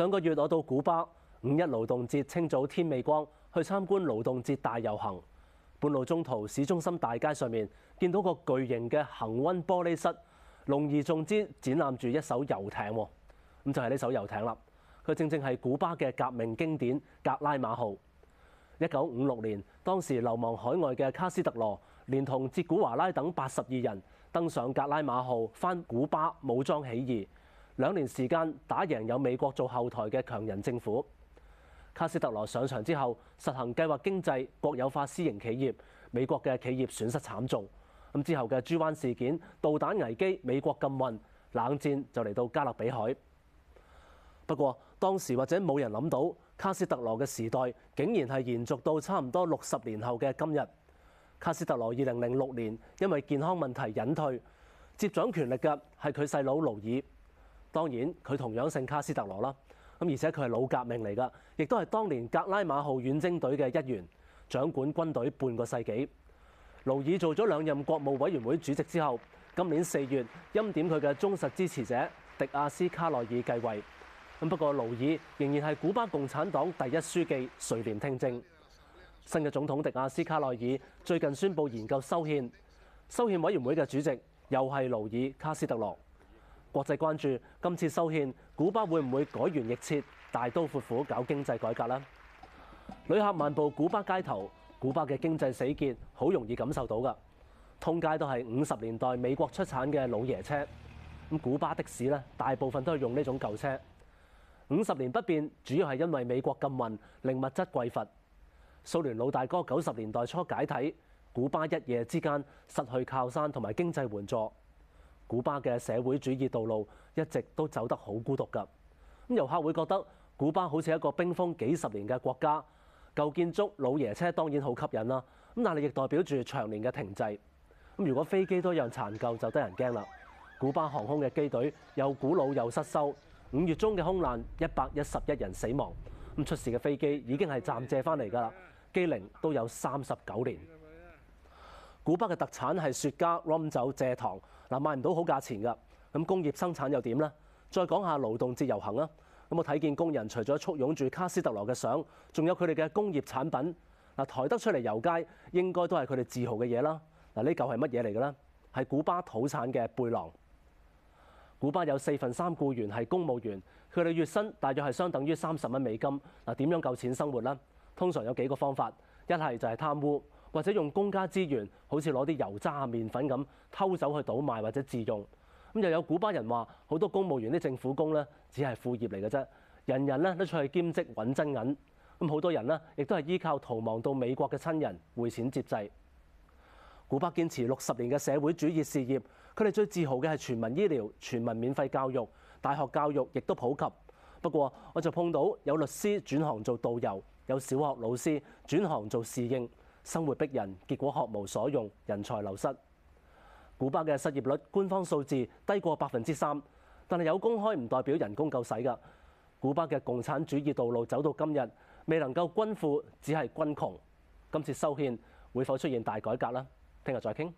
上個月我到古巴五一勞動節，清早天未光去參觀勞動節大遊行，半路中途市中心大街上面見到個巨型嘅恆溫玻璃室，隆而重之展覽住一艘遊艇，咁就係呢艘遊艇啦。佢正正係古巴嘅革命經典格拉馬號。一九五六年，當時流亡海外嘅卡斯特羅連同捷古華拉等八十二人登上格拉馬號，返古巴武裝起義。兩年時間打贏有美國做後台嘅強人政府。卡斯特羅上場之後，實行計劃經濟、國有化私營企業，美國嘅企業損失慘重。咁之後嘅豬灣事件、導彈危機、美國禁運、冷戰就嚟到加勒比海。不過當時或者冇人諗到，卡斯特羅嘅時代竟然係延續到差唔多六十年後嘅今日。卡斯特羅二零零六年因為健康問題隱退，接掌權力嘅係佢細佬勞爾。當然，佢同樣姓卡斯特羅啦。咁而且佢係老革命嚟噶，亦都係當年格拉馬號遠征隊嘅一員，掌管軍隊半個世紀。勞爾做咗兩任國務委員會主席之後，今年四月欽點佢嘅忠實支持者迪亞斯卡內爾繼位。咁不過勞爾仍然係古巴共產黨第一書記，垂簾聽政。新嘅總統迪亞斯卡內爾最近宣布研究修憲，修憲委員會嘅主席又係勞爾卡斯特羅。國際關注今次修憲，古巴會唔會改弦易轍、大刀闊斧搞經濟改革呢？旅客漫步古巴街頭，古巴嘅經濟死結好容易感受到㗎。通街都係五十年代美國出產嘅老爺車，古巴的士呢，大部分都係用呢種舊車。五十年不變，主要係因為美國禁運，令物質匱乏。蘇聯老大哥九十年代初解體，古巴一夜之間失去靠山同埋經濟援助。古巴嘅社會主義道路一直都走得好孤獨㗎。咁遊客會覺得古巴好似一個冰封幾十年嘅國家，舊建築、老爺車當然好吸引啦。咁但係亦代表住長年嘅停滯。咁如果飛機都一樣殘舊，就得人驚啦。古巴航空嘅機隊又古老又失修。五月中嘅空難，一百一十一人死亡。咁出事嘅飛機已經係暫借翻嚟㗎啦，機齡都有三十九年。古巴嘅特產係雪茄、rum 酒、蔗糖。嗱，賣唔到好價錢㗎。咁工業生產又點呢？再講下勞動節遊行啦。咁我睇見工人除咗簇擁住卡斯特羅嘅相，仲有佢哋嘅工業產品嗱抬得出嚟遊街，應該都係佢哋自豪嘅嘢啦。嗱，呢嚿係乜嘢嚟嘅呢？係古巴土產嘅背囊。古巴有四分三僱員係公務員，佢哋月薪大約係相等於三十蚊美金。嗱，點樣夠錢生活呢？通常有幾個方法，一係就係貪污。或者用公家資源，好似攞啲油渣、麵粉咁偷走去倒賣或者自用。咁又有古巴人話，好多公務員啲政府工呢，只係副業嚟嘅啫。人人呢都出去兼職揾真銀。咁好多人呢，亦都係依靠逃亡到美國嘅親人匯錢接濟。古巴堅持六十年嘅社會主義事業，佢哋最自豪嘅係全民醫療、全民免費教育，大學教育亦都普及。不過我就碰到有律師轉行做導遊，有小學老師轉行做侍應。生活逼人，結果學無所用，人才流失。古巴嘅失業率官方數字低過百分之三，但係有公開唔代表人工夠使㗎。古巴嘅共產主義道路走到今日，未能夠均富，只係均窮。今次修憲會否出現大改革呢？聽日再傾。